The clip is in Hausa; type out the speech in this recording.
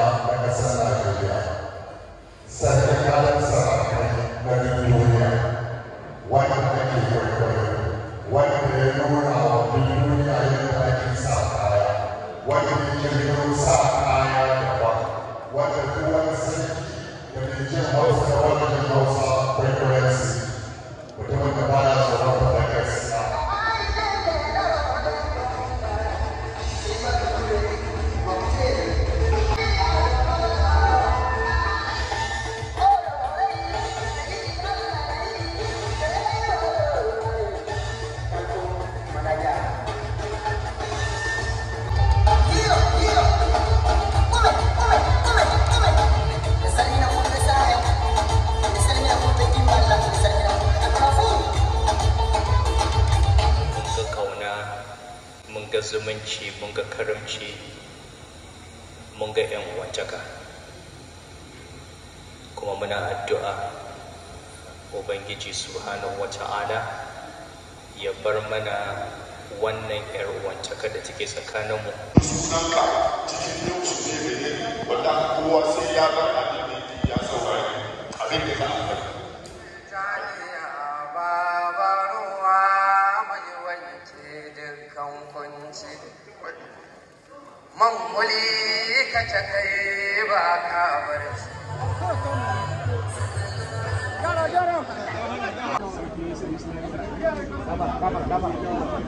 감사합니다. mun ga zumunci mun ga karamci mun ga 'yan uwantaka kuma muna addu'a ubangiji subhanahu wata'ala ya bar mana wannan 'yar uwantaka da take tsakaninmu. Sunanka cikin yau su ne da ne, wadda kowa sai ya bar kan kunci man muli ka ta kai ba ka bar